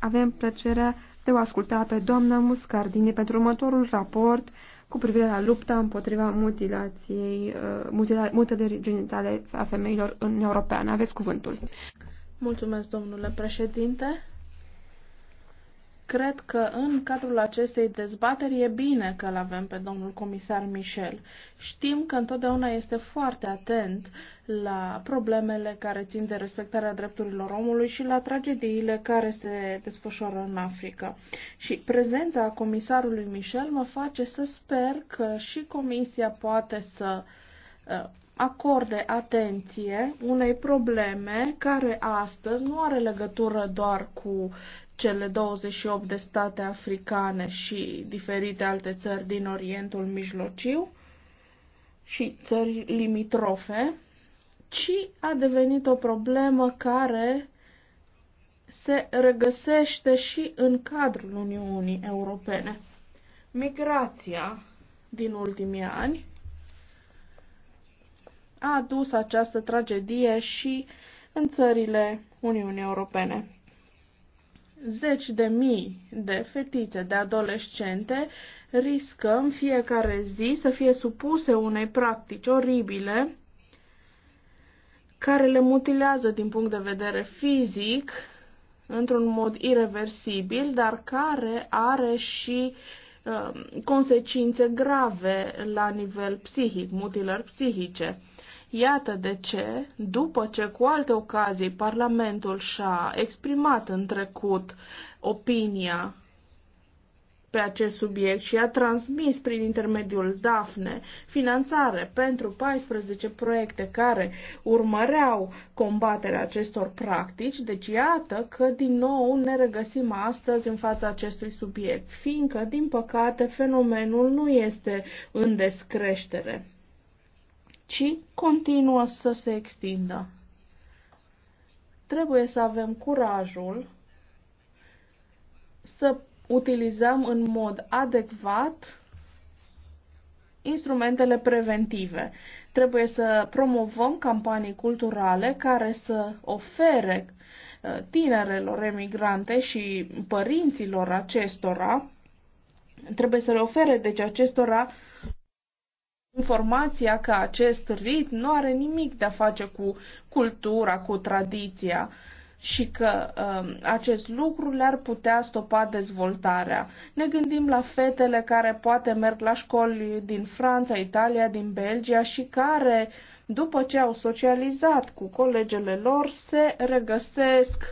avem plăcerea de o asculta pe doamna Muscardini pentru următorul raport cu privire la lupta împotriva mutilației, uh, mutila, mutilării genitale a femeilor în Europeană. Aveți cuvântul. Mulțumesc, domnule președinte. Cred că în cadrul acestei dezbateri e bine că îl avem pe domnul comisar Michel. Știm că întotdeauna este foarte atent la problemele care țin de respectarea drepturilor omului și la tragediile care se desfășoară în Africa. Și prezența comisarului Michel mă face să sper că și comisia poate să uh, acorde atenție unei probleme care astăzi nu are legătură doar cu cele 28 de state africane și diferite alte țări din Orientul Mijlociu și țări limitrofe, ci a devenit o problemă care se regăsește și în cadrul Uniunii Europene. Migrația din ultimii ani a adus această tragedie și în țările Uniunii Europene. Zeci de mii de fetițe, de adolescente riscă în fiecare zi să fie supuse unei practici oribile care le mutilează din punct de vedere fizic într-un mod irreversibil, dar care are și um, consecințe grave la nivel psihic, mutilări psihice. Iată de ce, după ce cu alte ocazii Parlamentul și-a exprimat în trecut opinia pe acest subiect și a transmis prin intermediul DAFNE finanțare pentru 14 proiecte care urmăreau combaterea acestor practici. Deci iată că din nou ne regăsim astăzi în fața acestui subiect, fiindcă, din păcate, fenomenul nu este în descreștere ci continuă să se extindă. Trebuie să avem curajul să utilizăm în mod adecvat instrumentele preventive. Trebuie să promovăm campanii culturale care să ofere uh, tinerelor emigrante și părinților acestora, trebuie să le ofere deci acestora informația că acest rit nu are nimic de a face cu cultura, cu tradiția și că uh, acest lucru le-ar putea stopa dezvoltarea. Ne gândim la fetele care poate merg la școli din Franța, Italia, din Belgia și care, după ce au socializat cu colegele lor, se regăsesc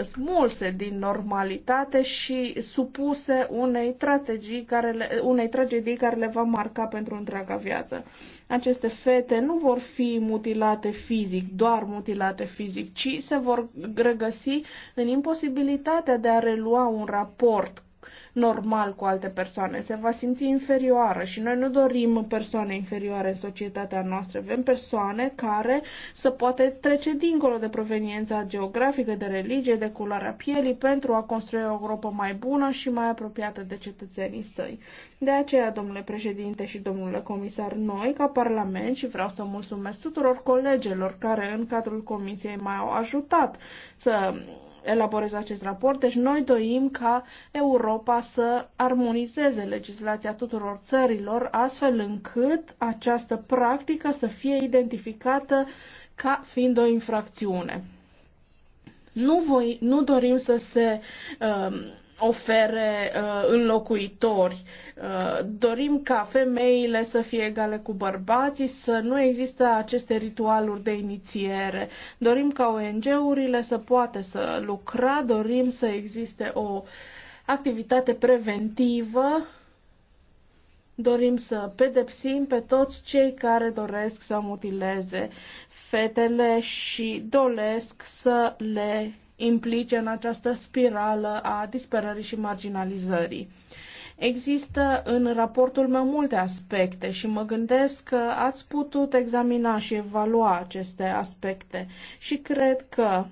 smulse din normalitate și supuse unei strategii care le, unei tragedii care le va marca pentru întreaga viață. Aceste fete nu vor fi mutilate fizic, doar mutilate fizic, ci se vor regăsi în imposibilitatea de a relua un raport normal cu alte persoane, se va simți inferioară și noi nu dorim persoane inferioare în societatea noastră, vrem persoane care să poate trece dincolo de proveniența geografică, de religie, de culoarea pielii pentru a construi o Europa mai bună și mai apropiată de cetățenii săi. De aceea, domnule președinte și domnule comisar, noi, ca Parlament, și vreau să mulțumesc tuturor colegilor care în cadrul Comisiei m-au ajutat să elaboreze acest raport. Deci noi doim ca Europa să armonizeze legislația tuturor țărilor astfel încât această practică să fie identificată ca fiind o infracțiune. Nu, voi, nu dorim să se uh, ofere uh, înlocuitori. Uh, dorim ca femeile să fie egale cu bărbații, să nu există aceste ritualuri de inițiere. Dorim ca ONG-urile să poată să lucra, dorim să existe o activitate preventivă, dorim să pedepsim pe toți cei care doresc să mutileze fetele și doresc să le implice în această spirală a disperării și marginalizării. Există în raportul meu multe aspecte și mă gândesc că ați putut examina și evalua aceste aspecte și cred că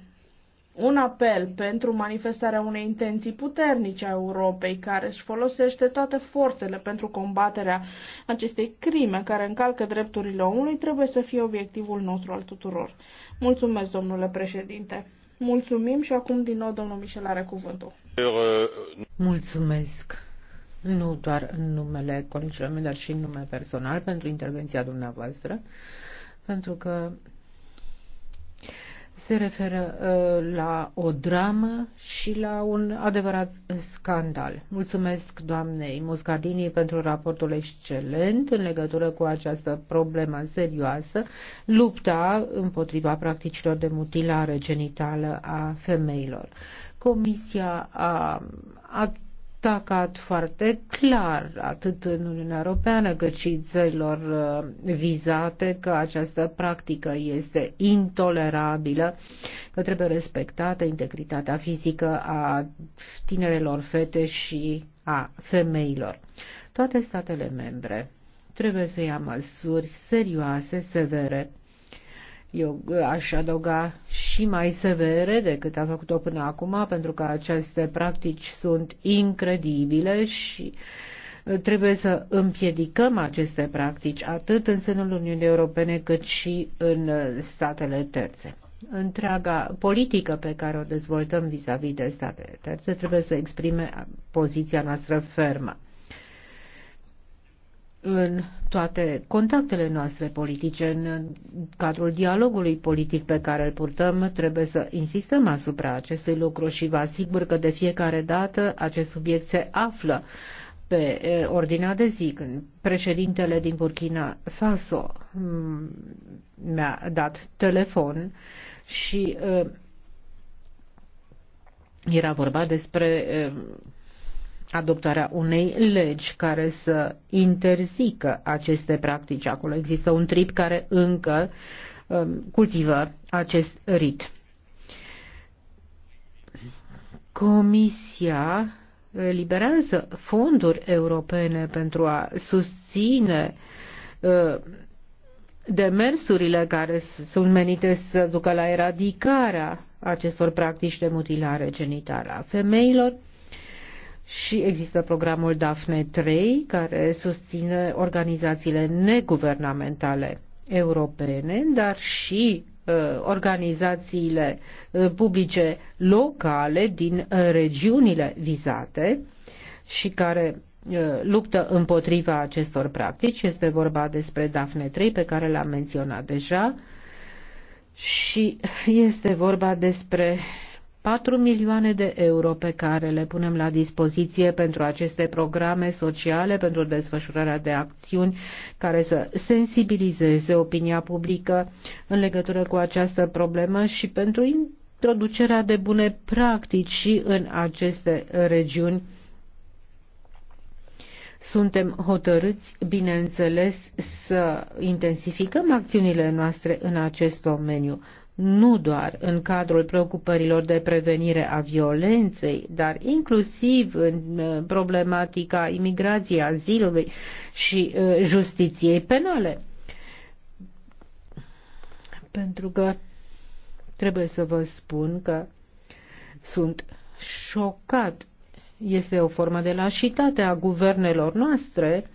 un apel pentru manifestarea unei intenții puternice a Europei, care își folosește toate forțele pentru combaterea acestei crime care încalcă drepturile omului, trebuie să fie obiectivul nostru al tuturor. Mulțumesc, domnule președinte. Mulțumim și acum din nou domnul Michel are cuvântul. Mulțumesc nu doar în numele colegilor mei, dar și în nume personal pentru intervenția dumneavoastră, pentru că se referă uh, la o dramă și la un adevărat scandal. Mulțumesc doamnei Muscardini pentru raportul excelent în legătură cu această problemă serioasă, lupta împotriva practicilor de mutilare genitală a femeilor. Comisia a, a atacat foarte clar atât în Uniunea Europeană cât și țărilor uh, vizate că această practică este intolerabilă, că trebuie respectată integritatea fizică a tinerelor fete și a femeilor. Toate statele membre trebuie să ia măsuri serioase, severe. Eu aș adăuga și mai severe decât a făcut-o până acum, pentru că aceste practici sunt incredibile și uh, trebuie să împiedicăm aceste practici atât în sânul Uniunii Europene cât și în uh, statele terțe. Întreaga politică pe care o dezvoltăm vis-a-vis -vis de statele terțe trebuie să exprime poziția noastră fermă în toate contactele noastre politice, în cadrul dialogului politic pe care îl purtăm, trebuie să insistăm asupra acestui lucru și vă asigur că de fiecare dată acest subiect se află pe ordinea de zi, când președintele din Burkina Faso mm, mi-a dat telefon și era vorba despre adoptarea unei legi care să interzică aceste practici. Acolo există un trip care încă um, cultivă acest rit. Comisia eliberează fonduri europene pentru a susține uh, demersurile care sunt menite să ducă la eradicarea acestor practici de mutilare genitală a femeilor și există programul DAFNE 3 care susține organizațiile neguvernamentale europene, dar și uh, organizațiile uh, publice locale din uh, regiunile vizate și care uh, luptă împotriva acestor practici. Este vorba despre DAFNE 3 pe care l-am menționat deja și este vorba despre 4 milioane de euro pe care le punem la dispoziție pentru aceste programe sociale, pentru desfășurarea de acțiuni care să sensibilizeze opinia publică în legătură cu această problemă și pentru introducerea de bune practici și în aceste regiuni. Suntem hotărâți, bineînțeles, să intensificăm acțiunile noastre în acest domeniu nu doar în cadrul preocupărilor de prevenire a violenței, dar inclusiv în uh, problematica imigrației, azilului și uh, justiției penale. Pentru că trebuie să vă spun că sunt șocat. Este o formă de lașitate a guvernelor noastre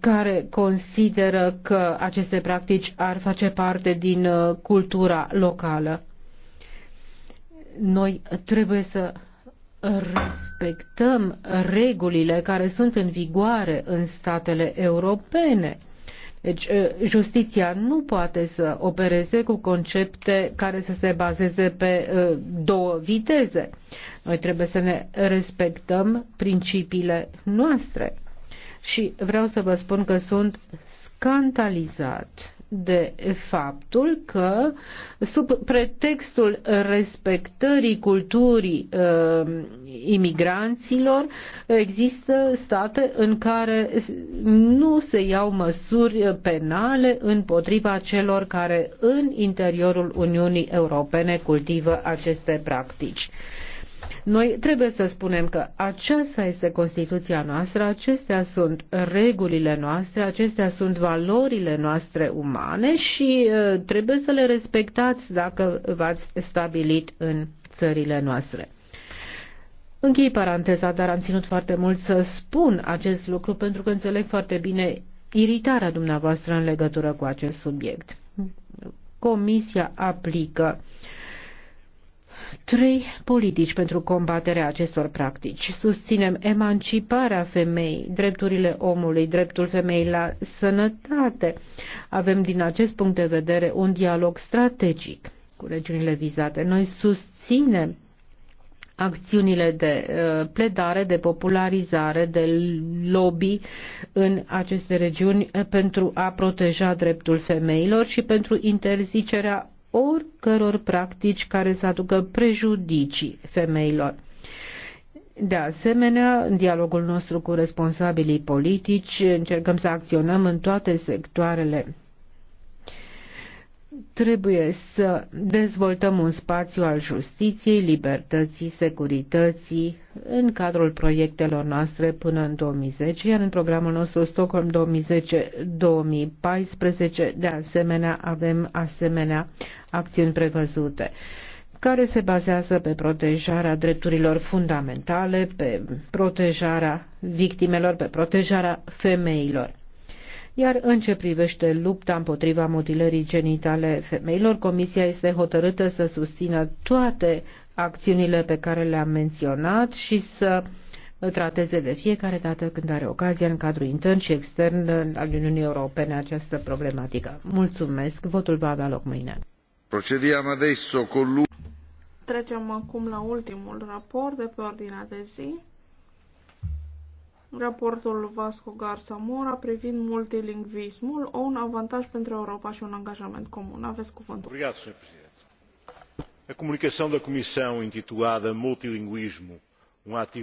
care consideră că aceste practici ar face parte din uh, cultura locală. Noi trebuie să respectăm regulile care sunt în vigoare în statele europene. Deci, uh, justiția nu poate să opereze cu concepte care să se bazeze pe uh, două viteze. Noi trebuie să ne respectăm principiile noastre și vreau să vă spun că sunt scandalizat de faptul că, sub pretextul respectării culturii uh, imigranților, există state în care nu se iau măsuri penale împotriva celor care în interiorul Uniunii Europene cultivă aceste practici. Uh, noi trebuie să spunem că aceasta este Constituția noastră, acestea sunt regulile noastre, acestea sunt valorile noastre umane și uh, trebuie să le respectați dacă v-ați stabilit în țările noastre. Închei paranteza, dar am ținut foarte mult să spun acest lucru pentru că înțeleg foarte bine iritarea dumneavoastră în legătură cu acest subiect. Comisia aplică uh, trei politici pentru combaterea acestor practici. Susținem emanciparea femeii, drepturile omului, dreptul femeii la sănătate. Avem din acest punct de vedere un dialog strategic cu regiunile vizate. Noi susținem acțiunile de uh, pledare, de popularizare, de lobby în aceste regiuni pentru a proteja dreptul femeilor și pentru interzicerea oricăror practici care să aducă prejudicii femeilor. De asemenea, în dialogul nostru cu responsabilii politici încercăm să acționăm în toate sectoarele trebuie să dezvoltăm un spațiu al justiției, libertății, securității în cadrul proiectelor noastre până în 2010, iar în programul nostru Stockholm 2010-2014 de asemenea avem asemenea acțiuni prevăzute care se bazează pe protejarea drepturilor fundamentale, pe protejarea victimelor, pe protejarea femeilor. Iar în ce privește lupta împotriva mutilării genitale femeilor, Comisia este hotărâtă să susțină toate acțiunile pe care le-am menționat și să trateze de fiecare dată când are ocazia în cadrul intern și extern al Uniunii Europene această problematică. Mulțumesc. Votul va avea loc mâine. Procediamo adesso con Trecem acum la ultimul raport de pe ordinea de zi raportul Vasco Garza Mora privind multilingvismul, o un avantaj pentru Europa și un angajament comun. Aveți cuvântul. Obrigado, Sr. Presidente. A comunicação da Comissão intitulada Multilinguismo, um ativo